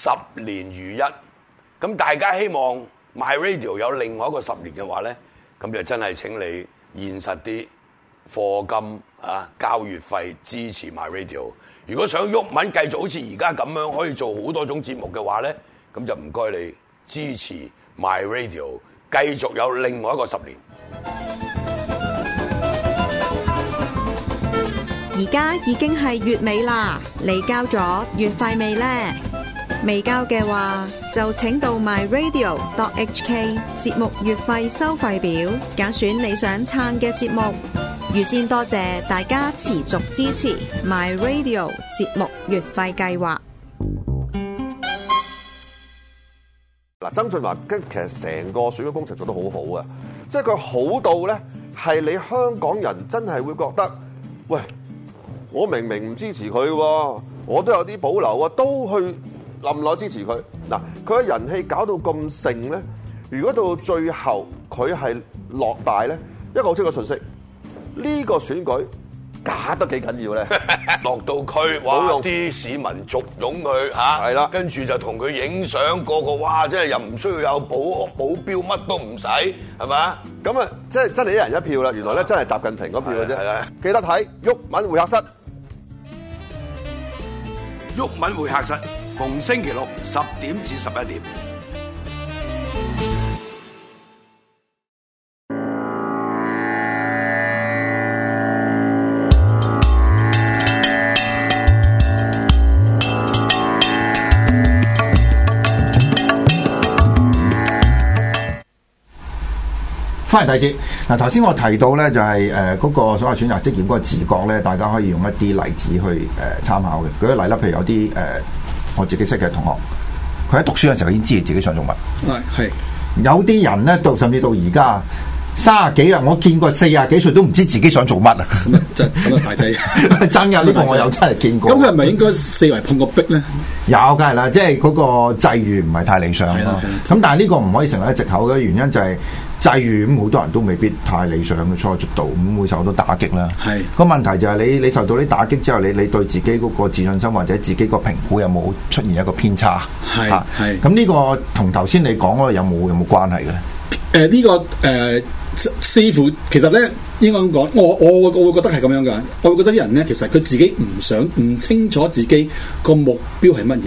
十年如一，咁大家希望 My Radio 有另外一個十年嘅話呢，咁就真係請你現實啲，課金啊，交月費支持 My Radio。如果想鬱文繼續好似而家咁樣，可以做好多種節目嘅話呢，咁就唔該你支持 My Radio，繼續有另外一個十年。而家已經係月尾啦，你交咗月費未呢？未交嘅話，就請到 myradio.hk 節目月費收費表，揀選你想撐嘅節目。預先多謝大家持續支持 myradio 節目月費計劃。嗱，曾俊華跟其實成個選舉工程做得好好啊，即係佢好到咧，係你香港人真係會覺得，喂，我明明唔支持佢嘅，我都有啲保留啊，都去。林來支持佢嗱，佢嘅人氣搞到咁盛咧。如果到最後佢係落大咧，一個好清楚信息，呢個選舉假得幾緊要咧？落到區哇，啲市民簇擁佢嚇，係啦，跟住就同佢影相，個個哇，即係又唔需要有保保鏢，乜都唔使，係嘛？咁啊，即係真係一人一票啦。原來咧，真係習近平嗰票嘅啫。記得睇毓民會客室，毓民會客室。逢星期六十點至十一點。翻嚟第二節嗱，頭先我提到咧就係誒嗰個所謂選擇職業嗰個自覺咧，大家可以用一啲例子去誒參考嘅。舉個例啦，譬如有啲誒。呃我自己識嘅同學，佢喺讀書嘅時候已經知道自己想做乜。係、嗯，有啲人咧到甚至到而家三啊幾啊，我見過四啊幾歲都唔知自己想做乜啊、嗯。真啊，大仔真啊，呢、嗯嗯嗯嗯 呢個我有真係見過。咁佢係咪應該四圍碰個壁咧？有梗係啦，即係嗰個際遇唔係太理想咯。咁但係呢個唔可以成為一個藉口嘅原因就係、是。例如咁，好多人都未必太理想嘅初折度，咁會受到打擊啦。係個是問題就係你，你受到啲打擊之後，你你對自己嗰個自信心或者自己個評估有冇出現一個偏差？係係咁呢個同頭先你講嗰個有冇有冇關係嘅咧？誒呢、呃這個誒似乎其實咧。應該咁講，我我我會覺得係咁樣嘅，我會覺得啲人咧，其實佢自己唔想、唔清楚自己個目標係乜嘢。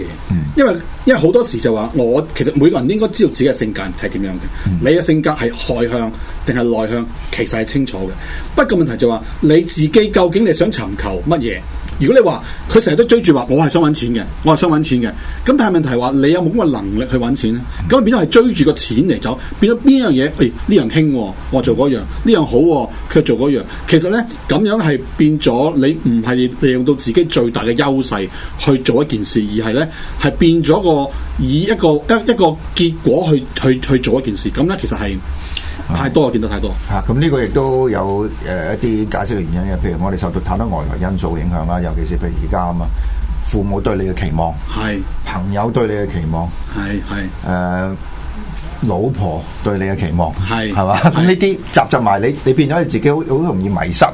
因為因為好多時就話，我其實每個人應該知道自己嘅性格係點樣嘅。嗯、你嘅性格係外向定係內向，其實係清楚嘅。不過問題就話、是，你自己究竟你想尋求乜嘢？如果你話佢成日都追住話，我係想揾錢嘅，我係想揾錢嘅。咁但係問題係話，你有冇咁嘅能力去揾錢咧？咁變咗係追住個錢嚟走，變咗呢樣嘢。誒、哎，呢樣輕喎，我做嗰樣，呢樣好喎，佢做嗰樣。其實咧咁樣係變咗你唔係利用到自己最大嘅優勢去做一件事，而係咧係變咗個以一個一個一個結果去去去做一件事。咁咧其實係。嗯、太多，見到太多。嚇、啊、咁、這、呢個亦都有誒、呃、一啲解釋嘅原因嘅，譬如我哋受到太多外來因素影響啦，尤其是譬如而家啊嘛，父母對你嘅期望，係，朋友對你嘅期望，係係誒。老婆對你嘅期望係係嘛咁呢啲集集埋你，你變咗你自己好好容易迷失啊。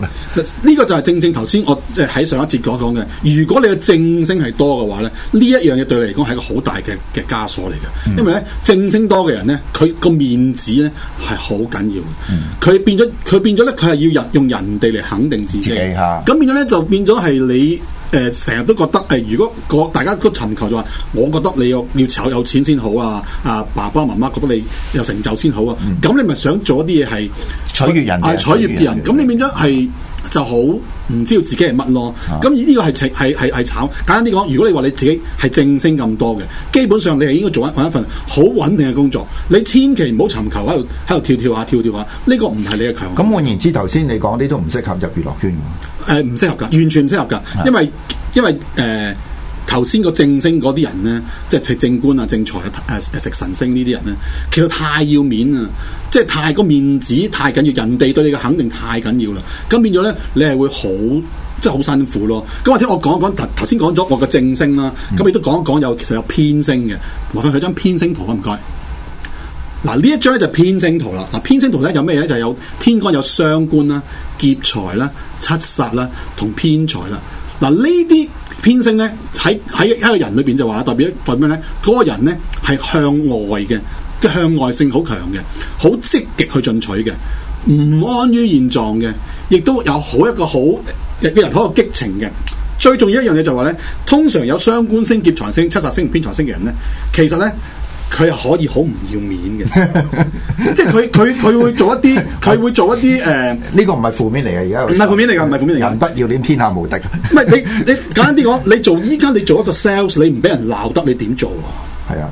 呢個就係正正頭先我即係喺上一節講講嘅。如果你嘅正星係多嘅話咧，呢一樣嘢對你嚟講係一個好大嘅嘅枷鎖嚟嘅，因為咧正星多嘅人咧，佢個面子咧係好緊要嘅。佢、嗯、變咗佢變咗咧，佢係要人用人哋嚟肯定自己嚇。咁變咗咧，就變咗係你。誒成日都覺得誒，如果個大家都尋求就話，我覺得你要要炒有錢先好啊！啊，爸爸媽媽覺得你有成就先好啊！咁你咪想做一啲嘢係取悅人，係取悅別人，咁你變咗係。就好唔知道自己係乜咯，咁呢、啊、個係係係係炒。簡單啲講，如果你話你自己係正星咁多嘅，基本上你係應該做一揾一份好穩定嘅工作。你千祈唔好尋求喺度喺度跳跳下跳跳下，呢、這個唔係你嘅強項。咁換、啊、言之，頭先你講啲都唔適合入娛樂圈誒，唔適、呃、合噶，完全唔適合噶，因為的因為誒。呃頭先個正星嗰啲人咧，即係正官啊、正財啊、誒誒食神星呢啲人咧，其實太要面啦，即係太個面子太緊要，人哋對你嘅肯定太緊要啦，咁變咗咧，你係會好即係好辛苦咯。咁或者我講一講頭先講咗我嘅正星啦，咁亦都講一講有其實有偏星嘅，麻煩睇張偏星圖啊，唔該。嗱呢一張咧就係、偏星圖啦。嗱偏星圖咧有咩咧？就係、是、有天干有雙官啦、劫財啦、七殺啦同偏財啦。嗱呢啲。偏星咧喺喺一個人裏邊就話，代表代表咩？咧？嗰個人咧係向外嘅，即係向外性好強嘅，好積極去進取嘅，唔安於現狀嘅，亦都有好一個好嘅人，好有激情嘅。最重要一樣嘢就話咧，通常有傷官星、劫財星、七殺星、偏財星嘅人咧，其實咧。佢可以好唔要面嘅， 即係佢佢佢會做一啲，佢會做一啲誒，呢、 呃、個唔係負面嚟嘅而家，唔係負面嚟噶，唔係負面嚟。人不要臉，天下無敵。 唔係你你簡單啲講，你做依家你做一個 sales，你唔俾人鬧得，你點做啊？係啊！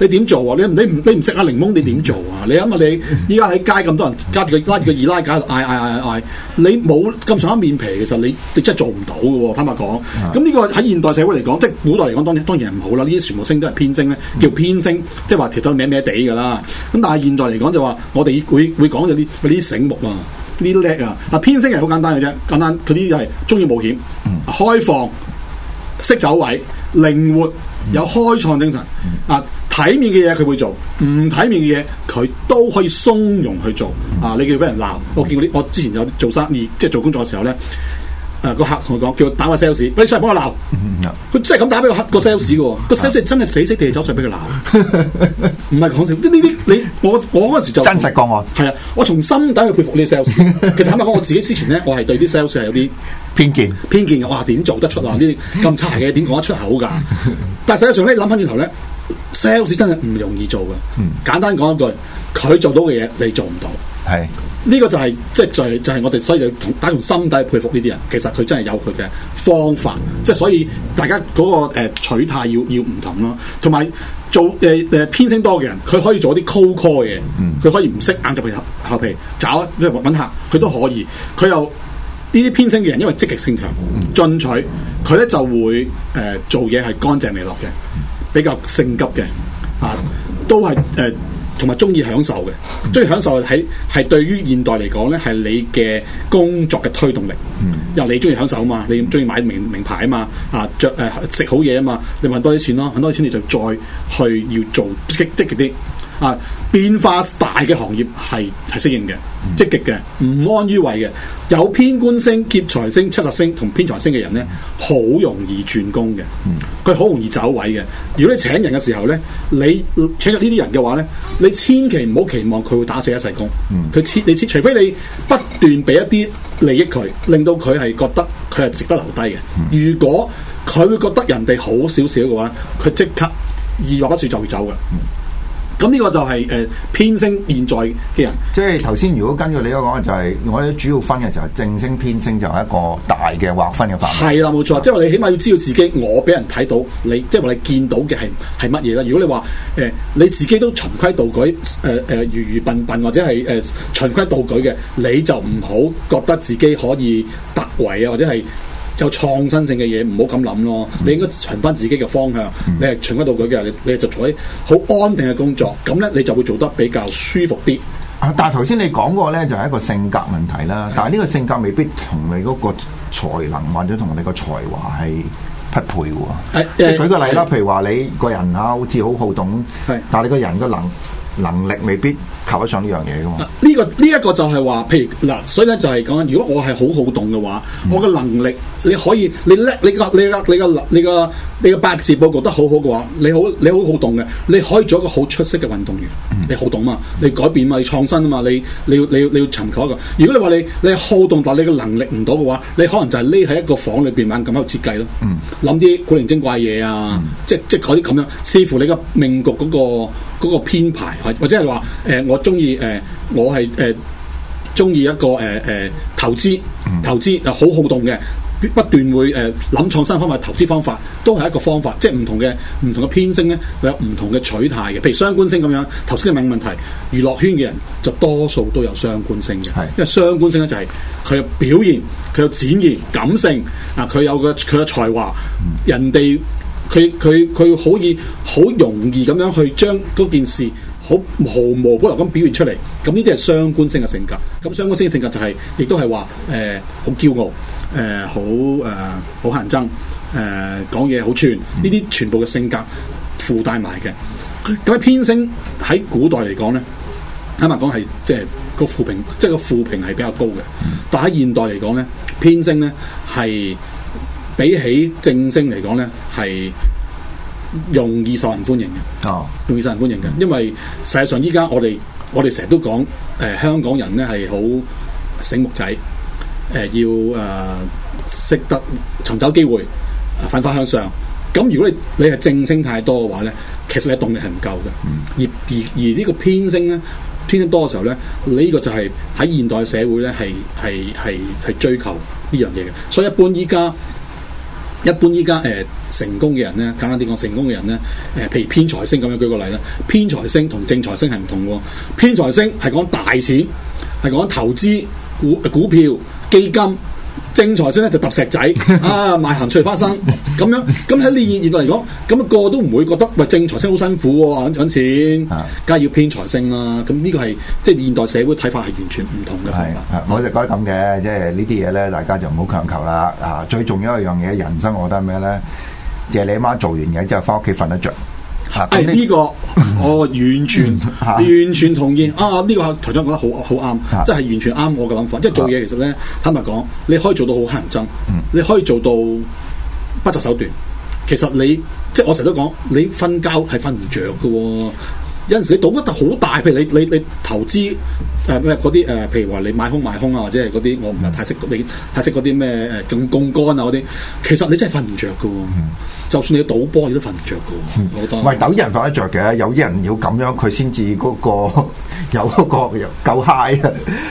你點做啊？你你唔你唔識阿檸檬，你點做啊？你諗下、哎哎哎哎，你依家喺街咁多人隔住個揸住個二奶，架喺度嗌嗌嗌嗌嗌！你冇咁上一面皮其實，你你真係做唔到嘅、啊。坦白講，咁呢是的 個喺現代社會嚟講，即係古代嚟講，當然當然係唔好啦。呢啲全部星都係偏星咧，叫偏星，嗯、即係話條頭咩咩地噶啦。咁但係現代嚟講就話，我哋會會講啲啲醒目啊，呢啲叻啊。嗱，偏星係好簡單嘅啫，簡單佢啲係中意冒險、開放、識走位。靈活有開創精神啊！體面嘅嘢佢會做，唔體面嘅嘢佢都可以鬆容去做啊！你叫俾人鬧，我見過啲，我之前有做生意即係做工作嘅時候咧。誒，個客同我講，叫打個 sales，佢上嚟幫我鬧。佢真係咁打俾個個 sales 嘅，個 sales 真係死死地走上嚟俾佢鬧。唔係講笑，呢啲你我我嗰陣時就真實個案係啊，我從心底去佩服呢個 sales。其實坦白講，我自己之前咧，我係對啲 sales 係有啲偏見、偏見嘅。我話點做得出啊？呢啲咁差嘅點講得出口噶？但係實際上咧，諗翻轉頭咧，sales 真係唔容易做噶。簡單講一句，佢做到嘅嘢，你做唔到。係呢是個就係即係就係、是、就係我哋所以要打從心底佩服呢啲人，其實佢真係有佢嘅方法，即係所以大家嗰、那個誒、呃、取態要要唔同咯。同埋做誒誒、呃呃、偏星多嘅人，佢可以做啲 cold call 嘅，佢、嗯、可以唔識硬就皮合皮找即係揾客，佢都可以。佢又呢啲偏星嘅人，因為積極性強、進取，佢咧就會誒、呃、做嘢係乾淨利落嘅，比較性急嘅啊，都係誒。呃同埋中意享受嘅，中意享受喺睇係對於現代嚟講咧，係你嘅工作嘅推動力。嗯，又你中意享受啊嘛，你中意買名名牌啊嘛，啊着誒食好嘢啊嘛，你揾多啲錢咯，揾多啲錢你就再去要做激啲嘅啲。得得得啊！變化大嘅行業係係適應嘅，嗯、積極嘅，唔安於位嘅。有偏官星、劫財星、七殺星同偏財星嘅人咧，好容易轉工嘅。佢好、嗯、容易走位嘅。如果你請人嘅時候咧，你請咗呢啲人嘅話咧，你千祈唔好期望佢會打死一世工。佢切、嗯、你切，除非你不斷俾一啲利益佢，令到佢係覺得佢係值得留低嘅。嗯、如果佢會覺得人哋好少少嘅話，佢即刻二話不說就會走嘅。嗯咁呢、嗯這個就係、是、誒、呃、偏星現在嘅人，即係頭先如果跟住你講就係、是，我哋主要分嘅就係正星偏星就係一個大嘅劃分嘅範圍。係啦，冇錯，嗯、即係你起碼要知道自己，我俾人睇到你，即係話你見到嘅係係乜嘢啦？如果你話誒、呃、你自己都循規蹈矩誒誒愚愚笨笨或者係誒循規蹈矩嘅，你就唔好覺得自己可以突圍啊或者係。就創新性嘅嘢唔好咁諗咯，嗯、你應該循翻自己嘅方向，嗯、你係循翻到佢嘅，你你就做啲好安定嘅工作，咁咧你就會做得比較舒服啲、啊。但係頭先你講過咧，就係、是、一個性格問題啦，是但係呢個性格未必同你嗰個才能或者同你個才華係匹配嘅喎。誒是，啊啊、舉個例啦，譬是如話你個人啊，好似好好動，但係你個人嘅能能力未必。靠得上呢樣嘢噶嘛？呢、啊這個呢一、這個就係話，譬如嗱，所以咧就係講緊，如果我係好好動嘅話，嗯、我嘅能力你可以，你叻，你個你個你個你個你個八字佈局得好好嘅話，你好你好你好動嘅，你可以做一個好出色嘅運動員。你好動嘛，你改變嘛，你創新啊嘛，你你，你，你要你要你要尋求一個。如果你話你你好動，但你嘅能力唔到嘅話，你可能就係匿喺一個房裏邊猛咁喺度設計咯。諗啲、嗯、古靈精怪嘢啊，嗯、即即係嗰啲咁樣，視乎你個命局嗰、那個嗰個編排，或者係話誒我。中意誒，我係誒中意一個誒誒、呃、投資，投資啊好好動嘅，不斷會誒諗、呃、創新方法，投資方法都係一個方法，即係唔同嘅唔同嘅偏星咧，有唔同嘅取態嘅，譬如相關性咁樣。頭先嘅問問題，娛樂圈嘅人就多數都有相關性嘅，的因為相關性咧就係佢有表現，佢有展現感性啊，佢有個佢有才華，人哋佢佢佢可以好容易咁樣去將嗰件事。好毫無保留咁表現出嚟，咁呢啲係相官星嘅性格。咁相官星嘅性格就係、是，亦都係話誒好驕傲，誒好誒好乞人憎，誒、呃呃、講嘢好串，呢啲全部嘅性格附帶埋嘅。咁喺偏星喺古代嚟講咧，坦白講係即係個負評，即係個負評係比較高嘅。但喺現代嚟講咧，偏星咧係比起正星嚟講咧係，容易受人歡迎嘅，哦，容易受人歡迎嘅，因為實際上依家我哋我哋成日都講，誒、呃、香港人咧係好醒目仔，誒、呃、要誒、呃、識得尋找機會，奮發向上。咁如果你你係正星太多嘅話咧，其實你動力係唔夠嘅。而而而呢個偏星咧，偏星多嘅時候咧，你呢個就係喺現代社會咧係係係係追求呢樣嘢嘅。所以一般依家。一般而家誒成功嘅人咧，簡單啲講，成功嘅人咧，誒、呃、譬如偏財星咁樣舉個例啦，偏財星同正財星係唔同喎，偏財星係講大錢，係講投資股股票基金。正財星咧就揼石仔 啊，賣鹹脆花生咁樣，咁喺呢現代嚟講，咁、那、一、個、個都唔會覺得喂正財星好辛苦喎，啊，揾錢，梗係要偏財星啦。咁呢個係即係現代社會睇法係完全唔同嘅。係，我就覺得咁嘅，即係是呢啲嘢咧，大家就唔好強求啦。啊，最重要一樣嘢，人生我覺得係咩咧？就係、是、你媽做完嘢之後，翻屋企瞓得着。係呢、哎這個我、哦、完全 完全同意啊！呢、這個台長講得好好啱，即係 完全啱我嘅諗法。即係做嘢，其實咧坦白講，你可以做到好乞人憎， 你可以做到不擇手段。其實你即係我成日都講，你瞓覺係瞓唔着噶喎。有陣時你賭得好大，譬如你你你投資誒咩嗰啲誒，譬如話你買空賣空啊，或者係嗰啲我唔係太識你太識嗰啲咩誒，咁槓桿啊嗰啲，其實你真係瞓唔着嘅喎。嗯，就算你賭波，你都瞓唔着嘅。嗯，好得。唔係，有啲人瞓得着嘅，有啲人要咁樣佢先至嗰個。有嗰個又夠嗨啊！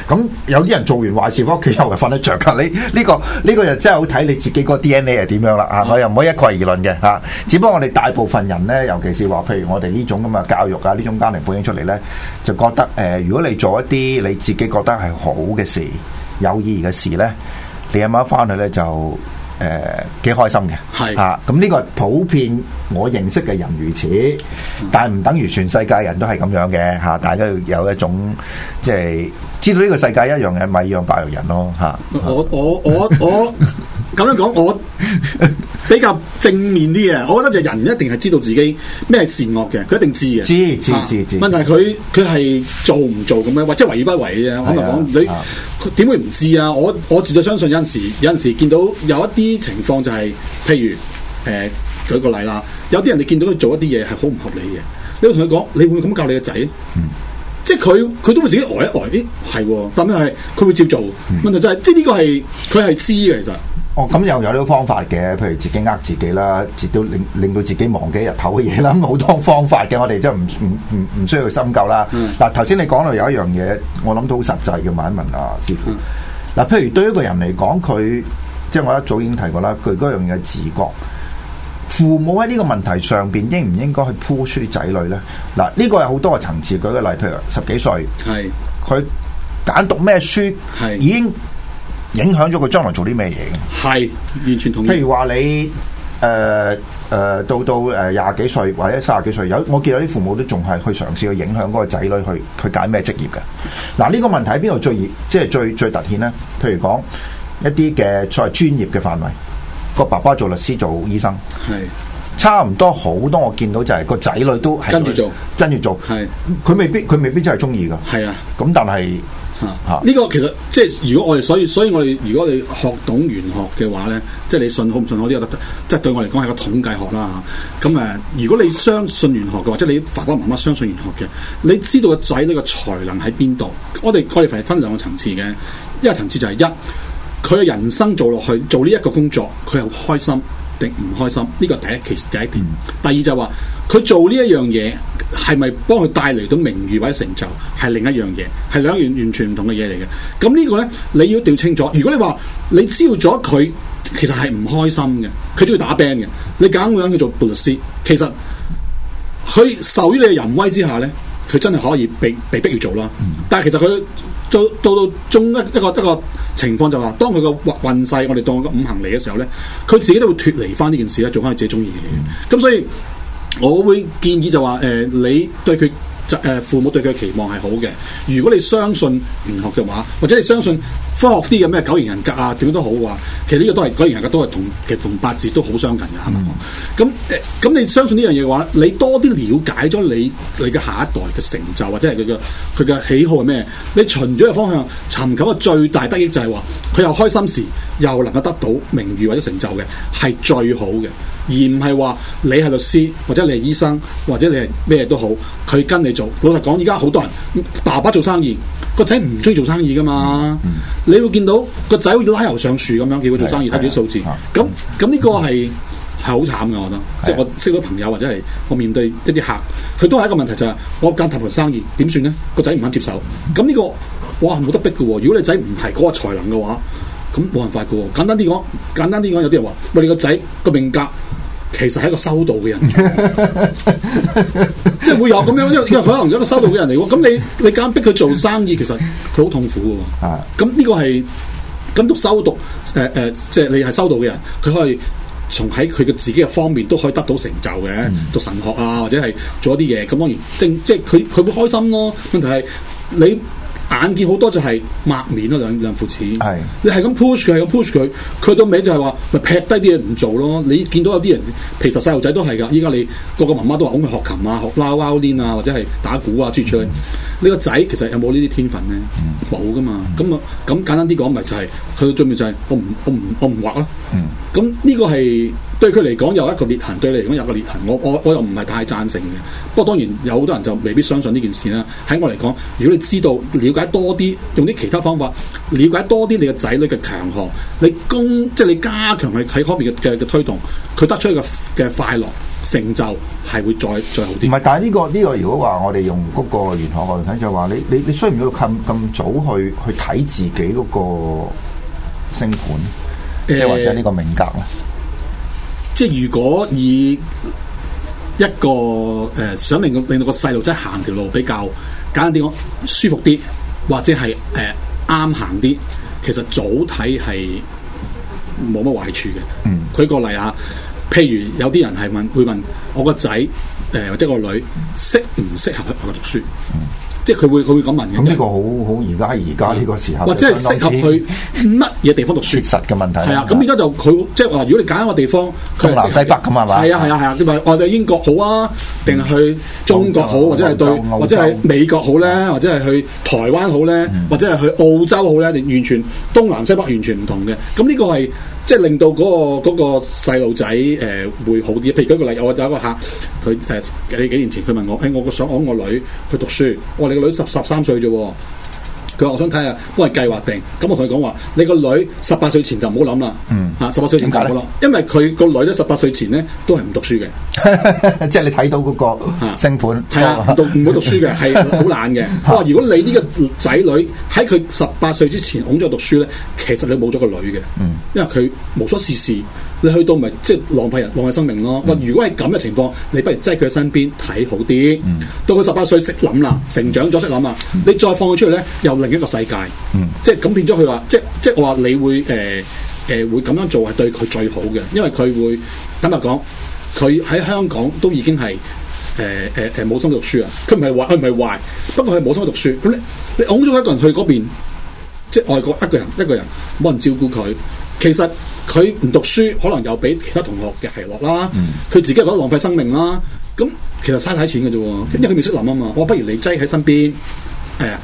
咁有啲人做完壞事，屋企又係瞓得着噶。你呢、這個呢、這個又真係好睇你自己個 DNA 係點樣啦、啊、我又唔可以一概而論嘅嚇。只不過我哋大部分人咧，尤其是話譬如我哋呢種咁嘅教育啊呢種家庭背景出嚟咧，就覺得誒、呃，如果你做一啲你自己覺得係好嘅事、有意義嘅事咧，你阿媽翻去咧就。誒，幾、呃、開心嘅，係吓是，咁呢、啊這個普遍我認識嘅人如此，但係唔等於全世界人都係咁樣嘅吓、啊，大家要有一種即係知道呢個世界一樣嘅咪樣，樣白羊人咯吓、啊。我我我我。咁樣講， 我比較正面啲啊！我覺得就人一定係知道自己咩係善惡嘅，佢一定知嘅知、啊。知知知問題佢佢係做唔做咁樣，或者為而不為嘅啫。啊、我咪講你，點、啊、會唔知啊？我我絕對相信有，有陣時有陣時見到有一啲情況、就是，就係譬如誒、呃、舉個例啦，有啲人你見到佢做一啲嘢係好唔合理嘅，你會同佢講，你會唔會咁教你個仔？嗯即係佢，佢都會自己呆一呆。咦、哎，係，但係佢會照做。嗯、問題就係、是，即係呢個係佢係知嘅。其實哦，咁又有呢啲方法嘅，譬如自己呃自己啦，亦都令令到自己忘記日頭嘅嘢啦，好多方法嘅。我哋即係唔唔唔唔需要去深究啦。嗱、嗯，頭先你講到有一樣嘢，我諗到好實際嘅，問一問阿、啊、師傅嗱、嗯，譬如對於一個人嚟講，佢即係我一早已經提過啦，佢嗰樣嘢自覺。父母喺呢個問題上邊應唔應該去鋪書仔女呢？嗱，呢、這個有好多嘅層次。舉個例，譬如十幾歲，係佢揀讀咩書，係是已經影響咗佢將來做啲咩嘢嘅。係完全同意。譬如話你誒誒、呃呃、到到誒廿幾歲或者卅幾歲，有我見到啲父母都仲係去嘗試去影響嗰個仔女去去揀咩職業嘅。嗱，呢、這個問題喺邊度最熱，即係最最凸顯呢？譬如講一啲嘅所謂專業嘅範圍。個爸爸做律師，做醫生，係是差唔多好多。我見到就係個仔女都跟住做，跟住做。係佢是未必，佢未必真係中意噶。係啊，咁但係是啊啊，呢、啊、個其實即係如果我哋所以，所以我哋如果你學懂玄學嘅話咧，即係你信好唔信好都有得，即、就、係、是、對我嚟講係個統計學啦。咁誒，如果你相信玄學嘅話，即係你爸爸媽媽相信玄學嘅，你知道個仔女個才能喺邊度？我哋我哋係分兩個層次嘅，一個層次就係一。佢嘅人生做落去做呢一個工作，佢係開心定唔開心？呢個第一期第一點。嗯、第二就話佢做呢一樣嘢係咪幫佢帶嚟到名譽或者成就？係另一樣嘢，係兩樣完全唔同嘅嘢嚟嘅。咁呢個咧，你要調清楚。如果你話你知道咗佢，其實係唔開心嘅，佢中意打 band 嘅，你揀個人叫做布律師，其實佢受於你嘅淫威之下咧。佢真係可以被被逼要做啦，但係其實佢到到到中一一個一個情況就話、是，當佢個運運勢我哋當個五行嚟嘅時候咧，佢自己都會脫離翻呢件事咧，做翻佢自己中意嘅嘢。咁、嗯、所以我會建議就話，誒、呃，你對佢。就父母對佢嘅期望係好嘅。如果你相信玄學嘅話，或者你相信科學啲嘅咩九型人格啊，點都好嘅話，其實呢個都係九型人格都係同其同八字都好相近嘅，係咪咁？誒，咁你相信呢樣嘢嘅話，你多啲了解咗你你嘅下一代嘅成就或者係佢嘅佢嘅喜好係咩？你循咗嘅方向尋求嘅最大得益就係話，佢又開心時又能夠得到名譽或者成就嘅係最好嘅。而唔係話你係律師，或者你係醫生，或者你係咩都好，佢跟你做。老實講，而家好多人爸爸做生意，個仔唔中意做生意噶嘛。 你會見到個仔要拉牛上樹咁樣，叫佢做生意睇住啲數字。咁咁呢個係係好慘噶，我覺得。 即係我識咗朋友或者係我面對一啲客，佢都係一個問題就係、是、我間大盤生意點算咧？個仔唔肯接受。咁呢、這個哇冇得逼噶。如果你仔唔係嗰個才能嘅話，咁冇辦法噶。簡單啲講，簡單啲講，有啲人話：喂，你個仔個命格。其實係一個修道嘅人， 即係會有咁樣，因為因為佢可能一個修道嘅人嚟喎，咁你你咁逼佢做生意，其實佢好痛苦嘅喎。啊，咁呢個係咁讀修讀，誒、呃、誒，即、呃、係、就是、你係修道嘅人，佢可以從喺佢嘅自己嘅方面都可以得到成就嘅，嗯、讀神學啊，或者係做一啲嘢，咁當然正，即係佢佢會開心咯。問題係你。眼見好多就係抹面咯，兩兩父子。的你係咁 push 佢，係咁 push 佢，佢到尾就係話，咪劈低啲嘢唔做咯。你見到有啲人，其實細路仔都係噶。依家你個個媽媽都話，去學琴啊，學拉拉鍵啊，或者係打鼓啊，諸如此類。呢個仔其實有冇呢啲天分咧？冇噶、嗯、嘛。咁啊，咁簡單啲講、就是，咪就係佢到最尾就係，我唔我唔我唔畫咯。咁呢個係。對佢嚟講有一個裂痕，對你嚟講有一個裂痕，我我我又唔係太贊成嘅。不過當然有好多人就未必相信呢件事啦。喺我嚟講，如果你知道了解多啲，用啲其他方法了解多啲，你嘅仔女嘅強項，你攻即係你加強佢喺方面嘅嘅推動，佢得出嚟嘅嘅快樂成就係會再再好啲。唔係，但係呢個呢個，這個、如果話我哋用嗰個玄學嚟睇，就話你你你，需唔需要咁咁早去去睇自己嗰個星盤，即係或者個呢個命格咧？呃即係如果以一個誒、呃、想令個令到個細路仔行條路比較簡單啲，講舒服啲，或者係誒啱行啲，其實早睇係冇乜壞處嘅。嗯、舉個例啊，譬如有啲人係問會問我個仔誒或者個女適唔適合去外國讀書？嗯即係佢會佢會咁問嘅。咁呢個好好，而家而家呢個時候，或者適合去乜嘢地方讀書？實嘅問題。係啊，咁而家就佢即係話，如果你揀一個地方，東南西北咁係嘛？係啊係啊係啊！你話我哋英國好啊，定係去中國好，或者係對，或者係美國好咧，嗯、或者係去台灣好咧，嗯、或者係去澳洲好咧，完全東南西北完全唔同嘅。咁呢個係。即係令到嗰個嗰、嗰個細路仔誒會好啲，譬如舉個例，我有一個客，佢誒、呃、幾年前佢問我，誒、欸、我個想揾我女去讀書，我、哦、話你個女十十三歲啫喎。佢話：我想睇下，幫人計劃定咁，我同佢講話，你個女十八歲前就唔好諗啦。嗯。嚇、啊，十八歲前教好咯，因為佢個女咧十八歲前咧都係唔讀書嘅。 即係你睇到嗰、那個星盤。係啊，本啊讀唔好 讀，讀書嘅，係好懶嘅。我話 如果你呢個仔女喺佢十八歲之前㧬咗讀書咧，其實你冇咗個女嘅。嗯。因為佢無所事事。你去到咪即係浪費人，浪費生命咯？喂、嗯，如果係咁嘅情況，你不如即係佢喺身邊睇好啲。嗯、到佢十八歲識諗啦，成長咗識諗啦，嗯、你再放佢出去咧，又另一個世界。嗯、即係咁變咗佢話，即係即係我話你會誒誒、呃呃、會咁樣做係對佢最好嘅，因為佢會坦白講，佢喺香港都已經係誒誒誒冇心讀書啊。佢唔係壞，佢唔係壞，不過佢冇心讀書。咁你你㧬咗一個人去嗰邊，即係外國一個人，一個人冇人，人，人，人照顧佢，其實。佢唔讀書，可能又俾其他同學嘅奚落啦。佢、嗯、自己覺得浪費生命啦。咁其實嘥晒錢嘅啫，嗯、因為佢未識諗啊嘛。我不如你擠喺身邊，誒、哎。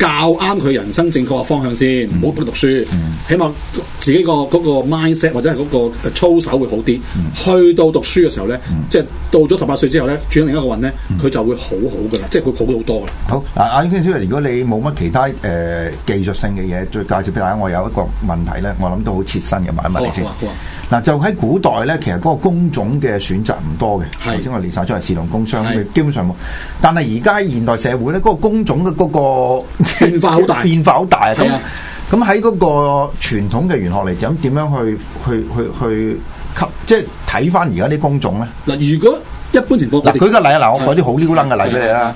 教啱佢人生正確嘅方向先，唔好去讀書，起碼自己個嗰個 mindset 或者係嗰個操守會好啲。去到讀書嘅時候咧，即係到咗十八歲之後咧，轉另一個運咧，佢就會好好嘅啦，即係會好好多嘅啦。好，阿英娟小姐，如果你冇乜其他誒技術性嘅嘢，再介紹俾大家，我有一個問題咧，我諗都好切身嘅問一問你先。嗱，就喺古代咧，其實嗰個工種嘅選擇唔多嘅，頭先我列曬出嚟，士農工商，佢基本上冇。但係而家現代社會咧，嗰個工種嘅嗰個變化好大，變化好大啊！咁咁喺嗰個傳統嘅玄學嚟講，點樣去去去去吸？即係睇返而家啲工種咧。嗱，如果一般情況嗱，舉個例啊，嗱嗎，我舉啲好撩楞嘅例俾你啦。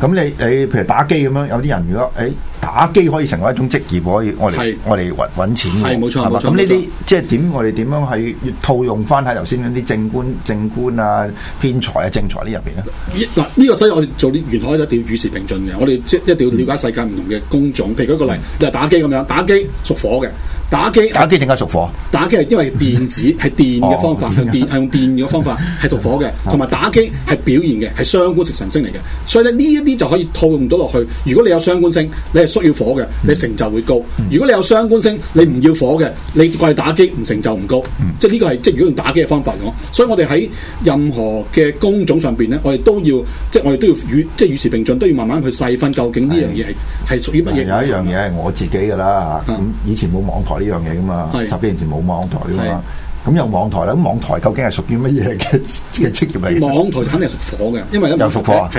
咁嗎你你譬如打機咁樣，有啲人如果誒。哎打機可以成為一種職業，可以我哋我哋揾揾錢嘅。係冇錯冇錯。咁呢啲即係點？我哋點樣去套用翻喺頭先嗰啲正官正官啊、偏財啊、正財呢入邊咧？嗱，呢個所以我哋做啲元開一定要與時並進嘅。我哋即一定要了解世界唔同嘅工種。譬如舉個例就係打機咁樣，打機屬火嘅。打機打機點解屬火？打機係因為電子係電嘅方法，係電係用電嘅方法係屬火嘅。同埋打機係表現嘅係傷官食神星嚟嘅，所以咧呢一啲就可以套用到落去。如果你有傷官星，你需要火嘅，你成就會高。如果你有傷官星，你唔要火嘅，你掛係打機，唔成就唔高。即係呢個係，即係如果用打機嘅方法講，所以我哋喺任何嘅工種上邊咧，我哋都要，即係我哋都要與即係與時並進，都要慢慢去細分究竟呢樣嘢係係屬於乜嘢。有一樣嘢係我自己噶啦，咁以前冇網台呢樣嘢噶嘛，十幾年前冇網台噶嘛，咁有網台啦。咁網台究竟係屬於乜嘢嘅嘅職業嚟？網台肯定係屬火嘅，因為咧，係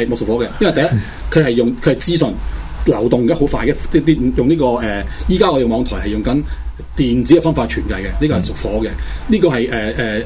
冇屬火嘅，因為第一佢係用佢係資訊。流動得好快嘅，即係啲用呢個誒，依家我哋網台係用緊，電子嘅方法傳遞嘅，呢、這個係屬火嘅，呢、這個係誒誒誒，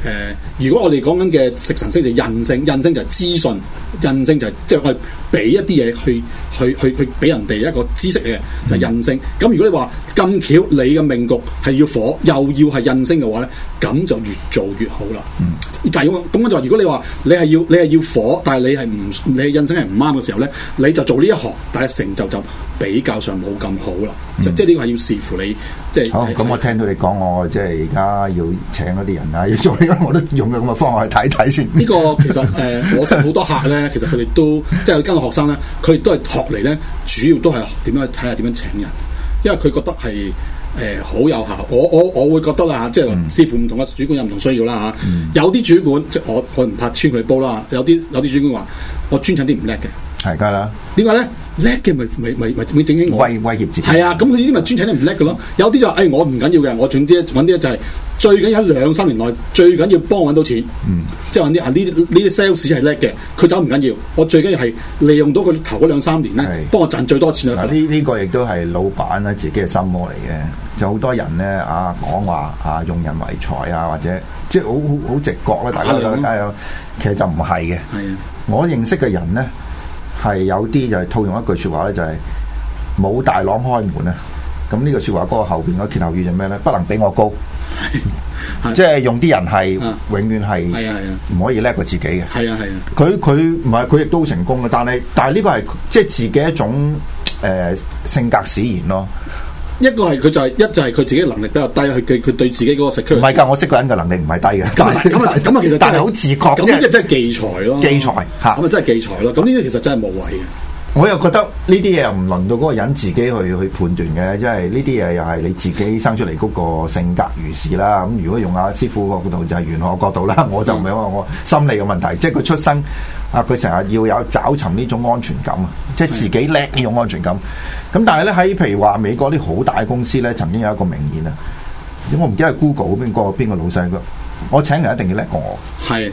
如果我哋講緊嘅食神星就印星。印星就係資訊，印星就係、是、即係我哋俾一啲嘢去去去去俾人哋一個知識嘅，就印、是、星。咁、嗯、如果你話咁巧你嘅命局係要火，又要係印星嘅話咧，咁就越做越好啦。嗯、但係我咁我就話，如果你話你係要你係要火，但係你係唔你印星係唔啱嘅時候咧，你就做呢一行，但係成就就。比較上冇咁好啦，就即係呢個係要視乎你，即係。咁我聽到你講，我即係而家要請嗰啲人啊，要做，而家我都用嘅咁嘅方法去睇睇先。呢個其實誒、呃，我識好多客咧，其實佢哋都即係跟個學生咧，佢哋都係學嚟咧，主要都係點樣去睇下點樣請人，因為佢覺得係誒好有效。我我我會覺得啦，即係視乎唔同嘅主管有唔同需要啦，吓、啊嗯。有啲主管即係我我唔怕穿佢煲啦，有啲有啲主管話我專請啲唔叻嘅，係噶啦。點解咧？叻嘅咪咪咪咪整起我，威威脅自己？係啊，咁佢呢啲咪專請啲唔叻嘅咯。有啲就誒，我唔緊要嘅，我總之揾啲就係最緊要喺兩三年內，最緊要幫我揾到錢。嗯，即係揾啲啊呢啲呢啲 sales 係叻嘅，佢走唔緊要，我最緊要係利用到佢頭嗰兩三年咧，幫我賺最多錢啦。嗱，呢呢個亦都係老闆咧自己嘅心魔嚟嘅，就好多人咧啊講話啊用人為財啊，或者即係好好好直覺咧，大家就咁解其實就唔係嘅。係啊，我認識嘅人咧。係有啲就係套用一句説話咧，就係冇大郎開門啊！咁呢個説話嗰個後邊嗰個歇後語就咩咧？不能比我高。即、就、係、是、用啲人係永遠係唔可以叻過自己嘅。係啊係啊，佢佢唔係佢亦都成功嘅，但係但係呢個係即係自己一種誒、呃、性格使然咯。一個係佢就係、是、一就係佢自己嘅能力比較低，佢佢對自己嗰個 security 唔係噶，我識個人嘅能力唔係低嘅，咁啊咁啊，其實但係好自覺，咁呢啲真係忌才咯，忌才吓，咁啊真係忌才咯，咁呢啲其實真係無謂嘅。啊我又覺得呢啲嘢又唔輪到嗰個人自己去去判斷嘅，因為呢啲嘢又係你自己生出嚟嗰個性格如是啦。咁如果用阿師傅個角度就係玄學角度啦，我就唔係話我心理嘅問題，嗯、即係佢出生啊，佢成日要有找尋呢種安全感啊，即係自己叻呢種安全感。咁但係咧喺譬如話美國啲好大公司咧，曾經有一個名言啊，點我唔記得係 Google 嗰邊個邊個老細，我請人一定要叻過我。係。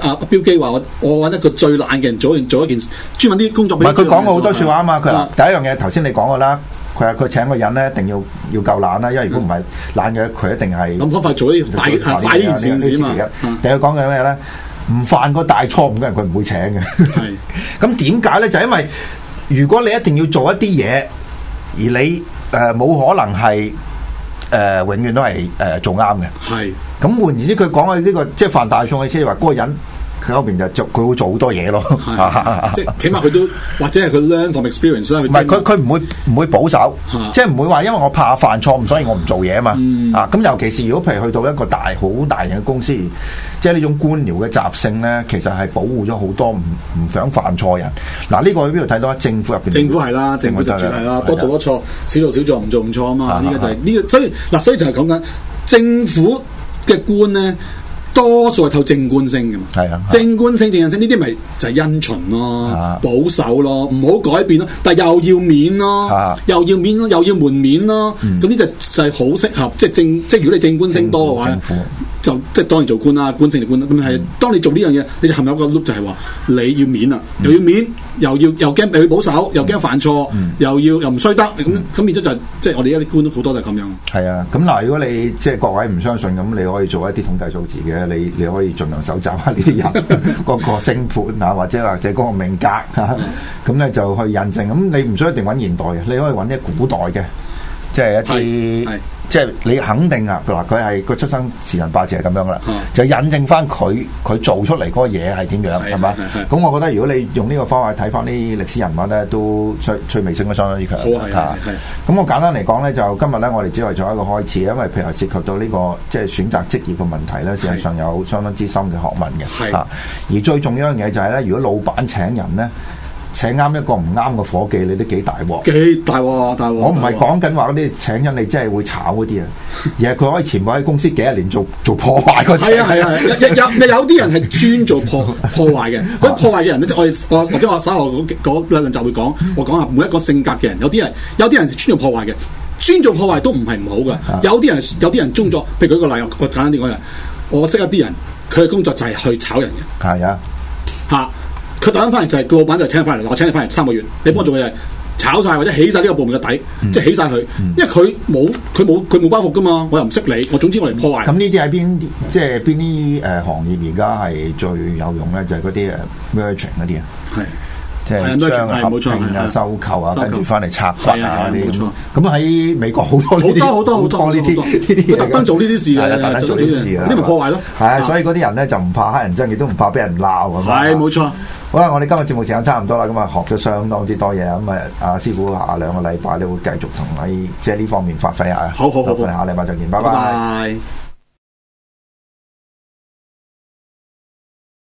阿阿標基話我我揾一個最懶嘅人做完做一件，專揾啲工作。唔係佢講過好多說話啊嘛，佢第一樣嘢頭先你講過啦，佢話佢請個人咧一定要要夠懶啦，因為如果唔係懶嘅，佢一定係諗方法做啲快啲嘅嘢啊嘛。第二講嘅咩咧？唔犯個大錯誤嘅人，佢唔會請嘅。咁點解咧？就因為如果你一定要做一啲嘢，而你誒冇可能係。誒、呃，永遠都係誒、呃，做啱嘅，係咁換言之，佢講嘅呢個即係犯大錯嘅，即係話嗰個人。佢入邊就做，佢會做好多嘢咯。即係起碼佢都，或者係佢 learn from experience 啦。唔係，佢佢唔會唔會保守，即係唔會話，因為我怕犯錯誤，所以我唔做嘢啊嘛。啊，咁尤其是如果譬如去到一個大好大型嘅公司，即係呢種官僚嘅習性咧，其實係保護咗好多唔唔想犯錯嘅人。嗱，呢個喺邊度睇到啊？政府入邊。政府係啦，政府就係啦，多做多錯，少做少做，唔做唔錯啊嘛。呢個就係呢個，所以嗱，所以就係講緊政府嘅官咧。多數係透過正官星嘅嘛，的正官星、正人星呢啲咪就係因循咯，的保守咯，唔好改變咯，但係又要面咯，的又要面咯，又要門面咯，咁呢個就係好適合，即係正，即係如果你正官星多嘅話，府就，府就即係當然做官啦，官星就官啦，咁係，嗯、當你做呢樣嘢，你就含有個 look 就係話你要面啦，又要面。嗯又要又驚俾佢保守，又驚犯錯，嗯、又要又唔衰得咁，咁而家就即、是、係、就是、我哋一啲官都好多就咁樣。係啊，咁嗱，如果你即係、就是、各位唔相信，咁你可以做一啲統計數字嘅，你你可以盡量搜集下呢啲人，嗰 個星盤啊，或者或者嗰個命格啊，咁 咧就去印證。咁你唔需要一定揾現代嘅，你可以揾啲古代嘅，即、就、係、是、一啲。即係你肯定啊，嗱，佢係個出生時辰八字係咁樣啦，啊、就引證翻佢佢做出嚟嗰個嘢係點樣，係嘛？咁 吧我覺得如果你用呢個方法睇翻啲歷史人物咧，都趣趣味性都相當之強。好咁、啊、我簡單嚟講咧，就今日咧，我哋只係做一個開始，因為譬如話涉及到呢、呢個即係選擇職業嘅問題咧，事實上有相當之深嘅學問嘅。的啊！而最重要一樣嘢就係咧，如果老闆請人咧。請啱一個唔啱嘅伙計，你都幾大鑊？幾大鑊？大鑊！大，我唔係講緊話嗰啲請緊你真係會炒嗰啲啊， 而係佢可以潛埋喺公司幾十年做做破壞嗰 啊，係啊，有啲人係專做破破壞嘅。嗰啲 破壞嘅人咧，即 我我即我稍後嗰嗰兩輪就會講。我講下每一個性格嘅人，有啲人有啲人專做破壞嘅。專做破壞都唔係唔好嘅。 有啲人有啲人中作，譬如舉一個例一點點，我簡單啲講，我識一啲人，佢嘅工作就係去炒人嘅。係啊，嚇！佢帶翻嚟就係個老闆就請翻嚟，我請你翻嚟三個月，你幫我做嘅炒晒，或者起晒呢個部門嘅底，嗯、即係起晒佢，因為佢冇佢冇佢冇包袱噶嘛，我又唔識你，我總之我哋破壞。咁呢啲係邊即係邊啲誒行業而家係最有用咧？就係嗰啲誒 merging 啲啊。呃即係將啊合併啊收購啊，跟住翻嚟拆骨啊啲咁，喺美國好多好多好多好多呢啲，佢特登做呢啲事啊，做呢啲事啊，呢啲咪破壞咯。係，所以嗰啲人咧就唔怕黑人憎，亦都唔怕俾人鬧咁嘛。係，冇錯。好啦，我哋今日節目時間差唔多啦，咁啊學咗相當之多嘢，咁啊阿師傅下兩個禮拜咧會繼續同你即係呢方面發揮下。好好，我哋下禮拜再見，拜拜。